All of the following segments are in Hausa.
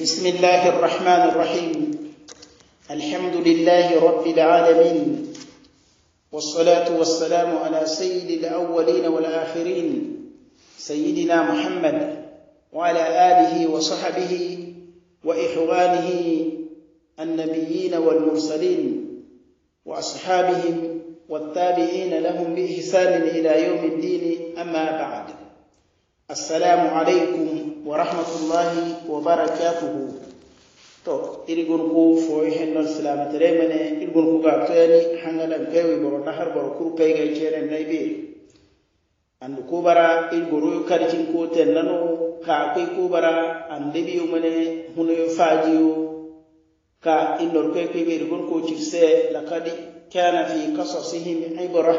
بسم الله الرحمن الرحيم الحمد لله رب العالمين والصلاة والسلام على سيد الأولين والآخرين سيدنا محمد وعلى آله وصحبه وإخوانه النبيين والمرسلين وأصحابهم والتابعين لهم بإحسان إلى يوم الدين أما بعد assalamu alaikum wa rahmatullahi wa barakatuhu to irgon ko foy hendon silamatere mene irgon ko ga toyani hangalan pewi boro nahar boro kur kai ga ceren naybe andu ko bara irgoro karcin ko tennano ka kai ko bara andebiyo mene hunoyo fajiyo ka illor kai kai be irgon ko cirse laqad kana fi qasasihim ibra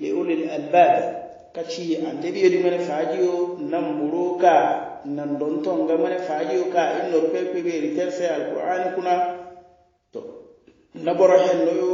li ulil albab kaci andebi yodi mene fajio nan buru ka nan donton ga mene fajio ka in pepe be ritel sai alqur'ani kuna to na boro no yo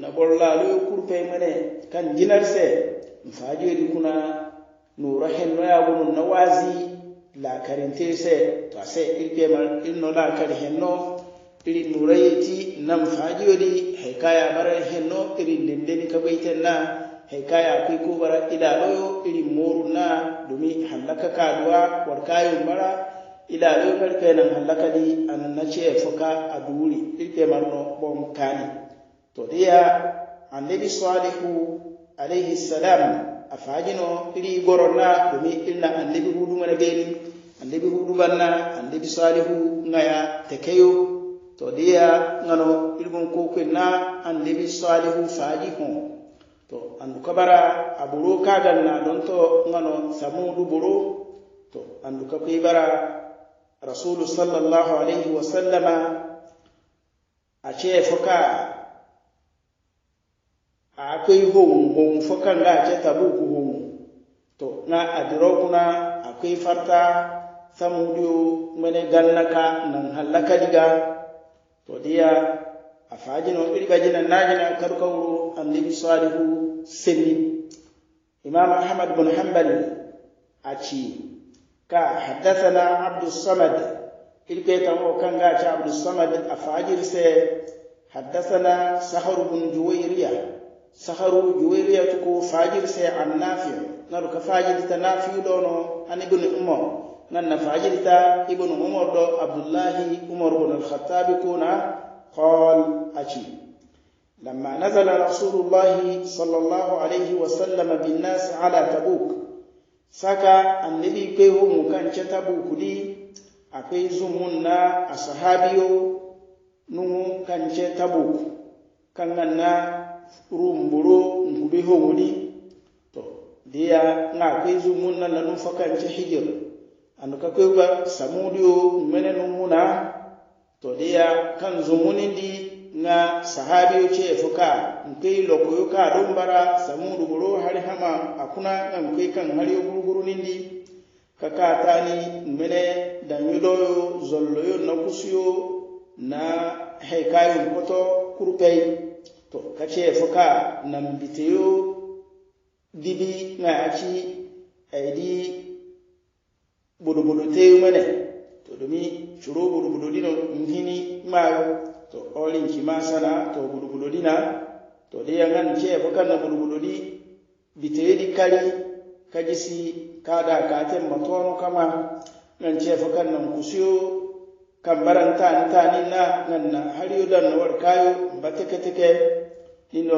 na boro la lo kurpe mene kan jinar se fajiyo di kuna nura hen no ya gunu nawazi la karinte se to se ilpe man in la kar hen no iri nura yiti nan fajiyo di hekaya bare hen no iri dendeni ka na haikaya kai ko bara loyo irin moru na domin hallaka kaduwa mara bara loyo karfe nan hallaka di nan na ce fuka a duri irke marno bom kani to diya annabi salihu alaihi salam a fajino iri goron na domin irna annabi hudu mana gani annabi hudu banna annabi salihu ngaya kayo to diya ngano irgun kokin na annabi salihu faji hon to andu kabara a ɓuro kagal na ɗon to gano samuɗu ɓuro to andu ka kuibara rasulu sallallahu alayhi wa sallama a cee foka a koy howu howu foka nga a ce tabuku howu to na a dirow kuna a koy farta samuɗio mene gannaka nan hallakadiga to diya a faajino ɓiɗi ɓajinan naajina karu kawru andiɓi salihu sendi imam ahmad bin hanbal aci ka haddathana abdus samad ilke tamo kanga ci abdus samad a fajir se haddathana bin juwayriya sahar juwayriya tuko fajir se an nafi nar ka fajir dono an umar nan umar do umar bin al-khattab kuna qal a لما نزل رسول الله صلى الله عليه وسلم بالناس على تبوك saka annabi kai ho mu kan ce tabu kudi akai zumun na ashabiyo nu kan ce tabu kan nan na rumburo ngube ho wuri to dia na kai zumun na lanu fa kan ce hijir ka kai ba samudiyo menen muna to dia kan zumunin di nga sahabi uche fuka nkei lokoyuka bara samu duburo hari hama akuna nga nke kan hali guruguru nindi kakatani mene danyudoyo zollo yo na na haikayo nkoto kurpei to kache fuka nambiteyo dibi nga achi aidi budubudu teyu mene to domi churo budubudu dino ngini mayo to olin ki sana to gulugulodi na to de yangan ke kan na gulugulodi bitedi kari kajisi kada katen matono kama nan ce kan nan kusiyo kan baranta tani na nan na har yi dan na kayo ba take take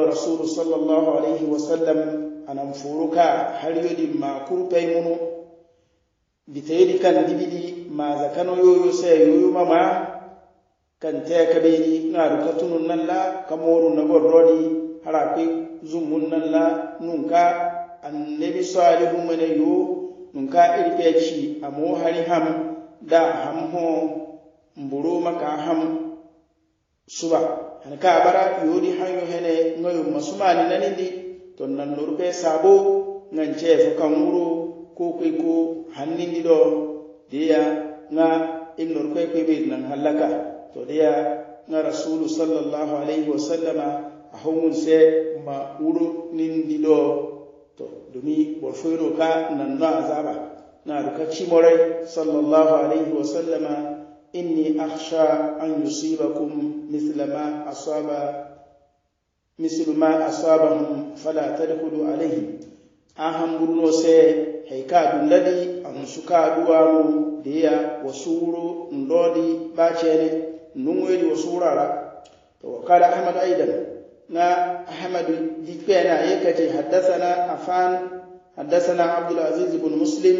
rasul sallallahu alaihi wasallam anan furuka har yi din ma kurpe munu bitedi kan dibidi ma zakano yoyo sai yoyo mama kan te ni na rukatunun nan la kamoru na gorrodi harafi zumun nan la nunka annabi salihu mane yo nunka irpeci amo hari ham da ham ho mburu maka ham suba ka bara yori yo hene ngayo masumani nanindi ton nan norpe sabo fu kan wuro, ko kai ko hannin dido deya na in norpe kwe be nan halaka To toliya nga rasulu sallallahu alaihi wasallama ahungun se ma uru nin dido to ɗumi borfoyro ka na azaba na ka cimoray sallallahu alaihi wasallama inni akhsha an yusibakum mithla ma asaba mislu ma asabahum fala tadkhulu alayhim an hamburno se hay ka an laɗi ahun suka ɗuwamu deya wasuro ɗum ɗoɗi ɓacene nungoyeli wasurara وقال أحمد أيضا نا أحمد ديكينا يكتي حدثنا عفان حدثنا عبد العزيز بن مسلم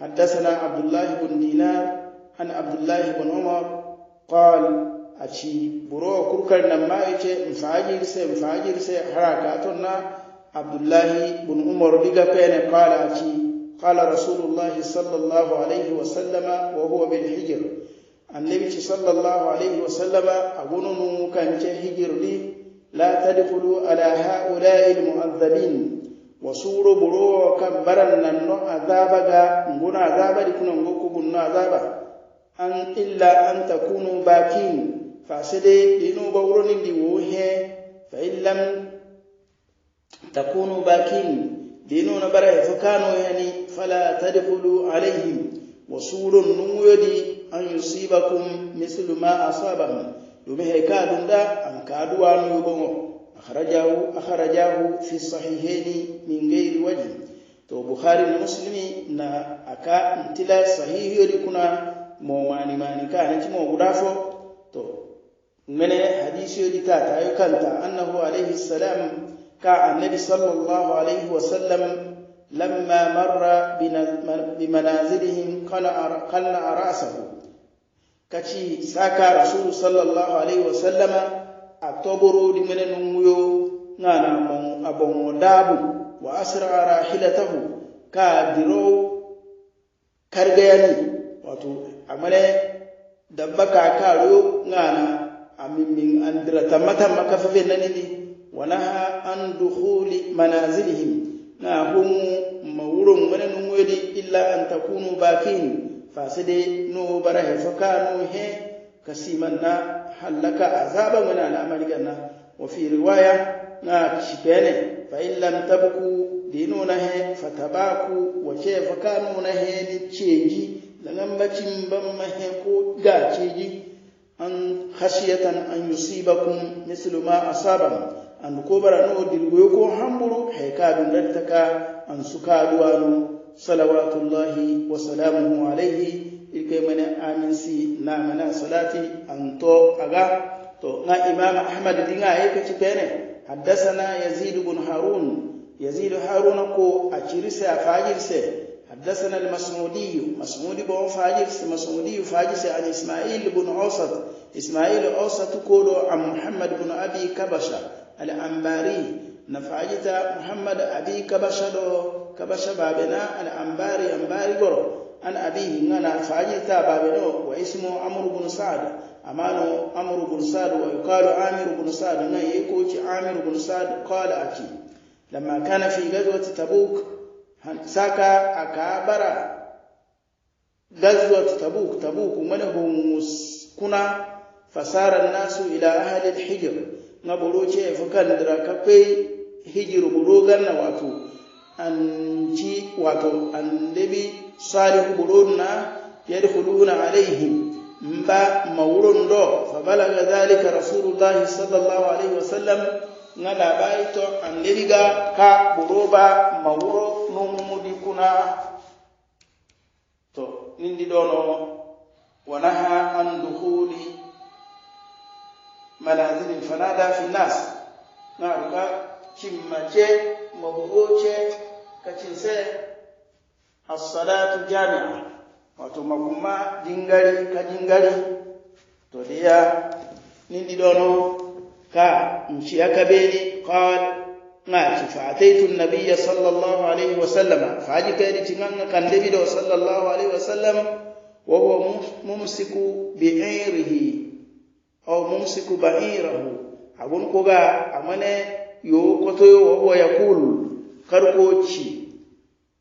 حدثنا عبد الله بن دينار عن عبد الله بن عمر قال أشي برو كركر نما يتي مفاجر سي مفاجر سي حركاتنا عبد الله بن عمر ديكا قال أشي قال رسول الله صلى الله عليه وسلم وهو بالحجر النبي صلى الله عليه وسلم أبونا كان هجر لي لا تدخلوا على هؤلاء المؤذبين وصور برو كبرا لنو عذابا نبونا عذابا لكنا نبوكو بنا عذابا أن إلا أن تكونوا باكين فاسدي لنو بورون لوهي فإن لم تكونوا باكين لنو نبره فكانوا يعني فلا تدخلوا عليهم وصور نمو يدي an yusibakum mislu ma asabahum domin haikadun da an kaduwa no yugongo akhrajahu akhrajahu fi sahihaini min ghairi wajh to bukhari na muslimi na aka ntila sahihi yodi kuna mo mani mani kana ci mo gudafo to mene hadisi yodi ta tayo kanta annahu alayhi salam ka annabi sallallahu alayhi wa sallam لما مر بمنازلهم قلع رأسه kaci saka rasulu sallallahu alaihi wasallama a togoro di menenin wuyo na na mon abon dabu wa asra rahilatahu ka diro kargayani wato amale dabba ka karo ngana amin min andira tamata makafafe nanini wanaha an dukhuli manazilihim na hun mawurun wani nungwedi illa an takunu bakin fasede no bara he foka no he ka simanna hallaka azaba ngana na amaliganna wa fi riwaya na kishipene fa in lam tabku dino na he fatabaku wa che foka no na he ni cheji langamba chimbam ma he ko ga cheji an khashiyatan an yusibakum mislu ma asaba an ko bara no dirgo ko hamburu he ka dun lataka an sukaduwa no صلوات الله وسلامه عليه الكمن آمن سي نامنا salati أنتو أغا تو نا إمام أحمد دينا yake ci حدثنا يزيد بن هارون يزيد هارون harun أجرس أفاجرس حدثنا المسعودي مسعودي بن فاجرس مسعودي فاجرس عن اسماعيل بن اوسط اسماعيل اوسط كولو عن محمد بن ابي كبشه الانباري نفاجت محمد ابي كبشه دو kabasha babena an ambari ambari goro an abihi ngana fajita babeno wa ismu amru bin sa'd amano amru bin sa'd wa yuqalu amir bin sa'd na yakoci amir bin sa'd qala aki lamma kana fi gazwati tabuk saka akabara gazwati tabuk tabuk mana humus kuna fasara nasu ila ahli al-hijr ngaburo ce fukan dira kafai hijru buro ganna wato an ci wato an annabi salihu burunna yadkhuluna alaihim ba mawuron do fa balaga dhalika rasulullahi sallallahu alaihi wasallam nga labai to an annabi ga ka buroba mawuro numudi kuna to in nindi dono wanaha an dukhuli manazilin fanada fi nas na ka cimmace mabugoce kace sai as-salatu jami'a wato makuma dingari ka dingari to dia nindi dono ka mshi aka beli ngati fa ataitu an-nabiyya sallallahu alayhi wa sallam fa ajikani tinganga kandebi do sallallahu alayhi wa sallam wa huwa mumsiku bi'irihi aw mumsiku ba'irahu abun ga amane yo to yo wa yakul karkoci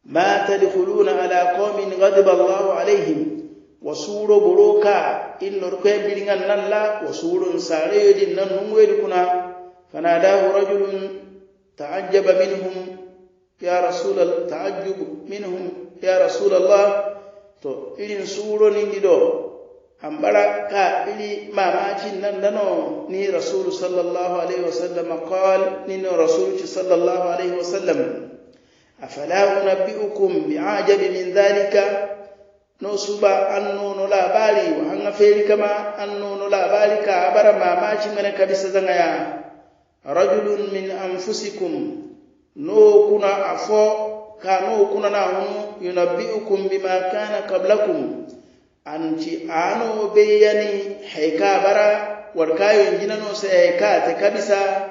ما تدخلون على قوم غضب الله عليهم وسور بروكا إن ركب بلغ النلا وسور سعيد ننم ويركنا فناداه رجل تعجب منهم يا رسول تعجب منهم يا رسول الله تو إلين سور نجدو أمبرك إلي ما ماجن ننو ني رسول صلى الله عليه وسلم قال ني رسول صلى الله عليه وسلم afala unabbiukum ajabi min dhalika an annono labari wa hanga feri kama annono labari ka bara mamaci mana kabisa zanga ya rajulun min anfusikum no kuna afo ka no kuna na hunu yunabbiukum bima kana qablakum anci ano yani haika bara warkayo jina no ka ta kabisa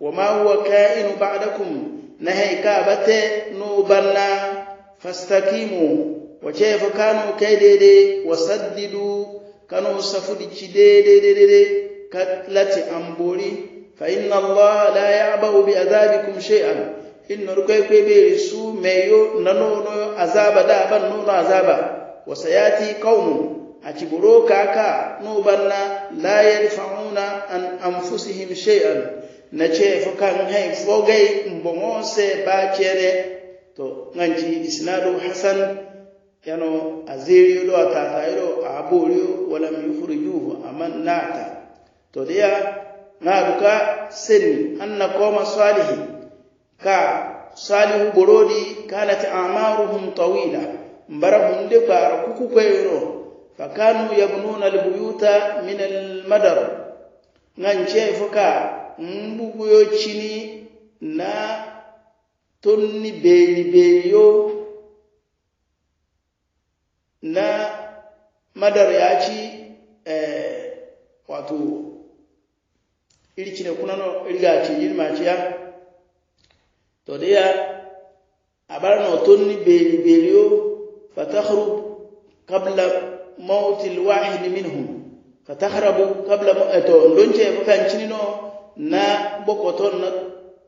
wa ma huwa ka'inu ba'dakum na haika bate no banna fastakimu wace fa kanu kai daidai wasaddidu kanu safudici daidai daidai ka lati ambori fa inna allaha la ya'bahu bi azabikum shay'an inna rukai kai be su na nono azaba da ban nono azaba wa sayati qaumun aciburo kaka no banna la an anfusihim shay'an na ce fukan hay fogay mboŋo ba cere. to nganci isnadu hasan yano a ziriyo ɗo a tatayo ɗo a aman nata to deya ŋaadu duka seni anna koma salihi ka salihu ɓoroɗi kanat amaruhum tawila mbara hunde baara kukukoyro fa kanu yabnuna albuyuta min almadar ŋan ceefu ka mbuguyo chini na tonni beyibeliyo na madara ya eh, wato iri cine kunano iriga ci yirma ciya to da ya a bar na tonni beyibeliyo fatakhrub qabla mawtil wahid minhum fatakhrab qabla to don ce fukan cini no na bokoton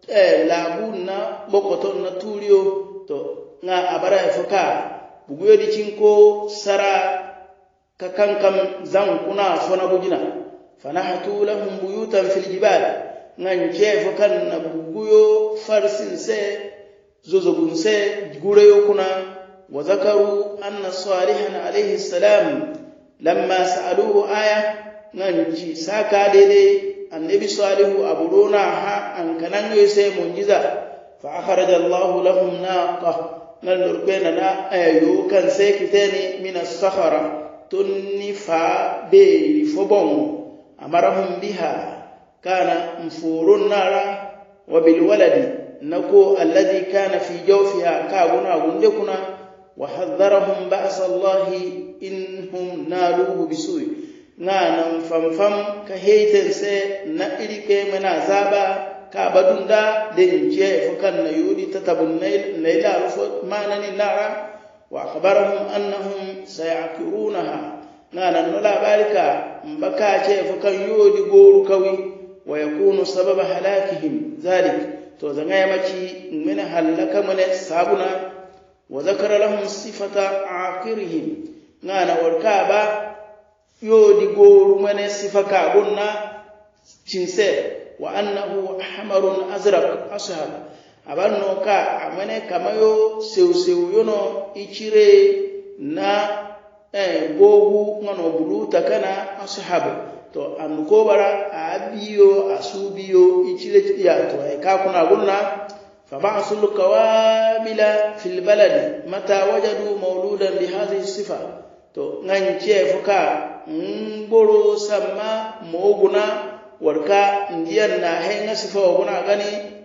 eh, na eh na bokoton na turiyo to nga abara fuka buguyo di cinko sara kakankam zan kuna fona fana fanahatu lahum buyutan fil jibal ngan chefo kan na buguyo farsin se zozogun se gureyo kuna wa zakaru anna salihan alayhi salam lamma sa'aluhu aya ngan ci saka daidai النبي صالح أبرونا ها أن كان يسي منجزة فأخرج الله لهم ناقة نلربينا نا أيو كان سيكتاني من الصخرة تنفى بيل فبون أمرهم بها كان مفور النار وبالولد نكو الذي كان في جوفها كابنا غندكنا وحذرهم بأس الله إنهم نالوه بسوء nan famfam ka heitense na iri mana zaba ka badunda den je fukan na yudi tabun na ila rufo manani lara wa akhbarahum annahum na nan no labarika mbaka ce fukan yudi goru kawi wa yakunu sababa halakihim zalik to zanga yamaci mena halaka mene sabuna wa zakara lahum sifata aqirihim na warka ba yodi goru mane sifaka gonna cinse wa annahu ahmarun azraq ashab abanno ka amane kamayo y'o yono ichire na eh bogu ngano bulu takana ashab to bara abiyo asubiyo ichire ya to e ka kuna gonna فبعثوا القوامل في البلد متى وجدوا مولودا بهذه الصفه تو نانشي fuka Ngoro samma moguna warka ndiyan na hayna sifa waguna gani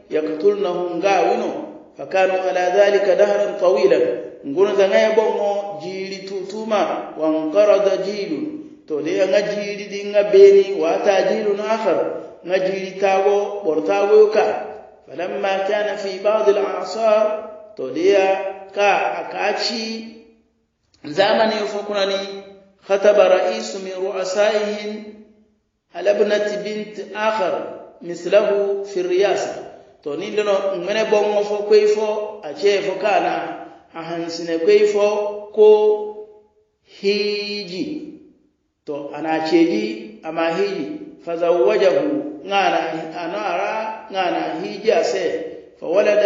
yaqtulnahum gawino fakanu ala dhalika dahran tawilan nguna zangaya bomo jiri tutuma da jilu to de nga jiri dinga beni wata jilu na akhar nga jiri tago bortago yuka falamma kana fi ba'd al-a'sar to de ka akachi zamani yofukunani خطب رئيس من رؤسائهم على ابنة بنت آخر مثله في الرئاسة توني لنا من بوم فو كيفو أشيفو كان أهنسن كيفو كو هيجي تو to ana ceji ama hiji نانا أنا أرى نانا هيجي ase فولد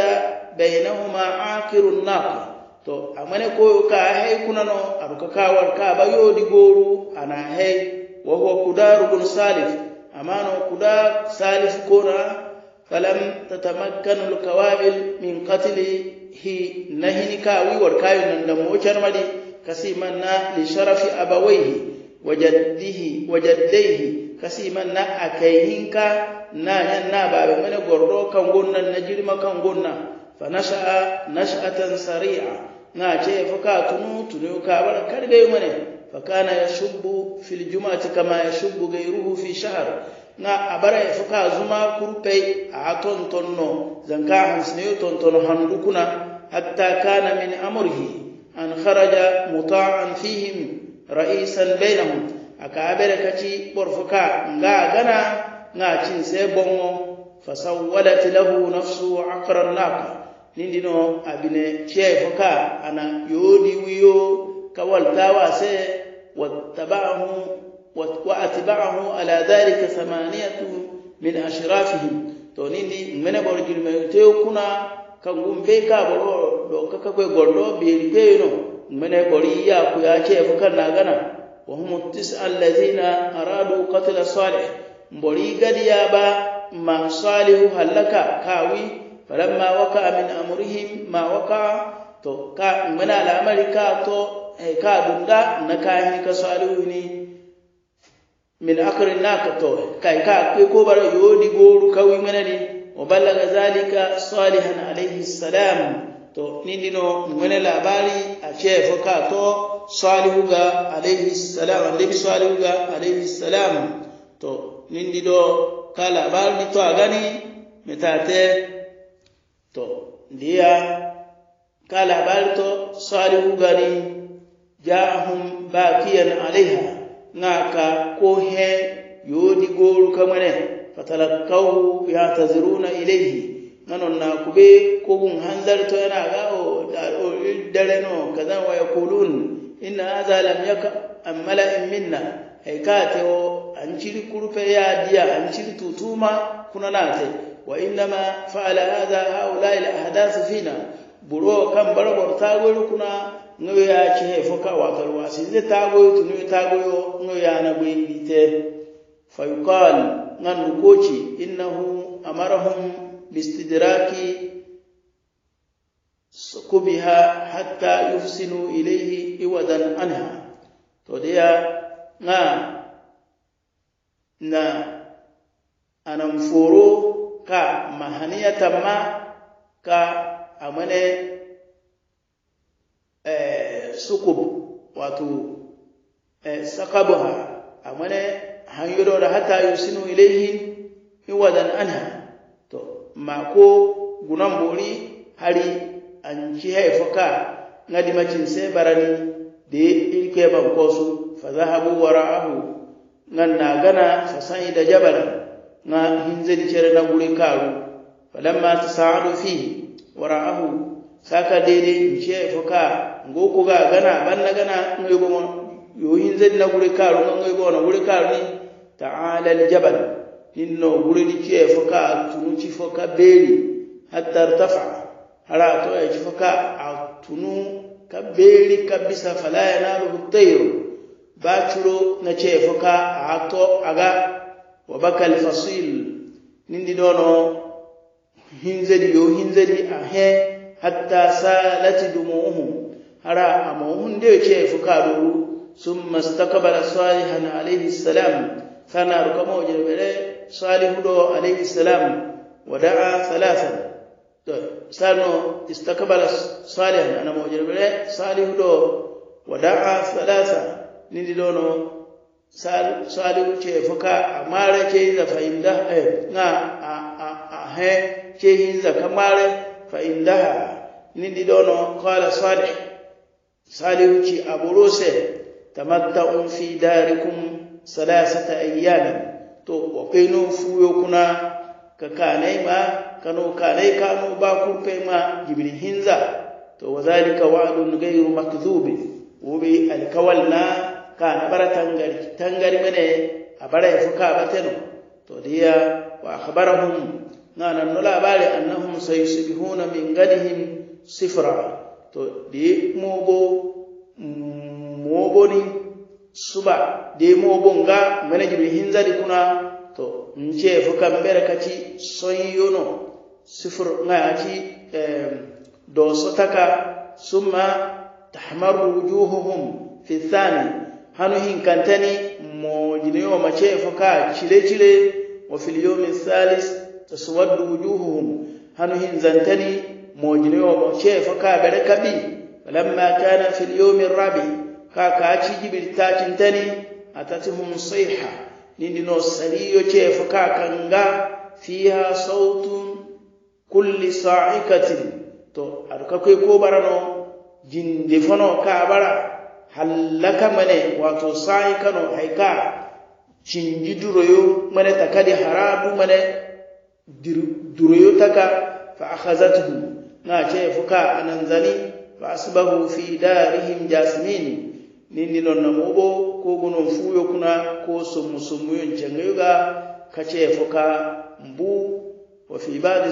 بينهما aqirun naq to amane ko ka hay kunano aɗo ka kawal kaaba yoodi ana hay wa huwa kun salif amano kuda salif kona falam tatamakkanu lkawabil min hi nahini ka nan wiwor kayo nandamo kasiman na li sharafi abawaihi wa jaddihi wa jaddayhi kasimanna akayhinka nañan na Na ba mene gordo kan gonnan na jirma kan gonna fa nasha'a nash'atan sari'a na ce faka tunu tunu ka bar kar gai mane fakana ya shubbu fil jumati kama ya shubbu gairuhu fi shahr na abara ya faka zuma kurpe a ton tonno zanka hans ne ton ton handukuna hatta kana min amrihi an kharaja muta'an fihim ra'isan bainahum aka abara kaci borfuka nga gana Na cin sai bongo fasawwalat lahu nafsu aqran laqa nindino abine chefo foka ana yodi wiyo kawal tawa se wattabahu wa atba'ahu ala dhalika thamaniyatu min ashrafihim to nindi mene bor jilme te kuna kangum ka boro do kaka kwe gollo be ribe no mene bor ya ku ya che foka na gana wa hum tis'a allazina aradu qatl salih gadi ya ba ma salihu halaka kawi falamma waka min amrihim ma waka to ka mana al'amari ka to eh, ka dunda na kayan ka salihu ne min akrin naka to kai ka kai ko bar yodi goru kawi mana ne wa ballaga zalika salihan alaihi salam to nindino mana labari a shefa ka to salihu ga alaihi salam alaihi salihu ga alaihi salam to nindino ka labari to a gani metate to ndiya kala balto salihu gari jahum bakiyan alaiha ngaka he yodi goru kamane ya taziruna ilaihi nanon na kube kogun to yana ga o dare no kaza wa yaqulun inna hadha lam yaka am mala'in minna haikate o an ciri kurfe ya diya an ciri tutuma kuna na te وإنما فعل هذا هؤلاء الأحداث فينا برو كم بربر تاغوي كنا نويا شيء فكا واتلواسي زي تاغوي تنوي تاغوي نويا نبوي بيته فيقال نان كوشي إنه أمرهم باستدراك سكبها حتى يفسنوا إليه إودا عنها توديا نا نا أنا مفورو ka ta ma ka amane eh, sukub wato eh, sakabuha amane da hata yusinu ilayhi iwadan anha to mako gunan bori hari an ci ka na dimacin sai barani da ya irke bankosu fa zahabu wara'ahu nan na gana fasan da jabalan na nga hinzeli cerena gure kaaru falamma fi fihi wara'ahu saka daidai in dede fi ka goko ga gana ban na gana ngoygo mo yo hinzeli na guri karu na nga goma na gure kaaru ni ta'ala aljabal inno gure ni ce ka tunu ci fi ka beri hatta irtafa hala to ya ci fi ka a tunu ka beri ka bisa fala yanalu tayru ba ciro na ce fi ka a to a ga وبكى الفصيل نندي دونو هنزلي يو هنزلي أه حتى سالت دموعه هرا أموهن ديو شيء فكارو ثم استقبل صالحا عليه السلام فانا ركما وجل بلي صالح دو عليه السلام ودعا ثلاثا سالنو استقبل صالحا أنا موجل بلي صالح دو ودعا ثلاثا نندي دونو salihu ce fuka a mara ce yi zafa inda eh, na a he ce yi zafa mara fa inda nindi dono kwala sade salihu ce a buruse un fi salasa ta ayyana to wa kaino fuyo kuna ka kanai ma kano kanai kano ba kun kai ma jibirin hinza to wa zalika wa'adun gairu makdhub wubi alkawal na. Ka kana bara tangari tangari mene abara ka bateno to dia wa akhbarahum ngana no labari annahum sayusbihuna min gadihim sifra to de mogo mm, mogo ni suba de mogo nga mene jibi hinzari kuna to in nche yafuka mbere kachi soyono sifr ngachi eh, do sotaka summa tahmaru wujuhuhum fi thani hanu hinkantani mojiniwa machefu ka cire-cire wa fil yawmi thalis taswaddu wujuhuhum hanu hinzantani mojiniwa faka ka kabi lamma kana fil yawmi rabi ka ka chiji a atatuhum sayha nindi no saliyo chefu ka kanga fiha sautun kulli sa'ikatin to adukakwe ko barano jinde fono ka bara hallaka mane wato sai kano haika cinji duroyo mane takadi harabu mane duroyo taka fa akhazatuhu na ce fuka zani fa asbahu fi darihim jasmin nini non mubo ko gunon fuyo kuna ko sumusumuyon cengayo ga kace fuka mbu wa fi ba'd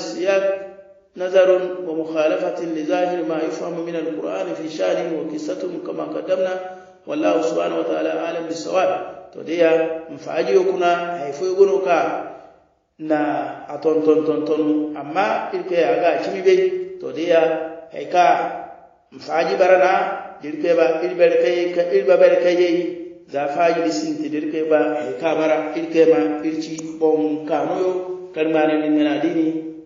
نظر ومخالفة لظاهر ما يفهم من القرآن في شأنه وقصته كما قدمنا والله سبحانه وتعالى أعلم بالصواب توديا مفاجئ كنا حيث يقولك na a tontontontonu amma irpe aga cimi be to diya haika mfaji barana dirpe ba irbel kai ka irba bel kai za faji disinti dirpe ba haika bara irke ma irci bon kanoyo karmane min na dini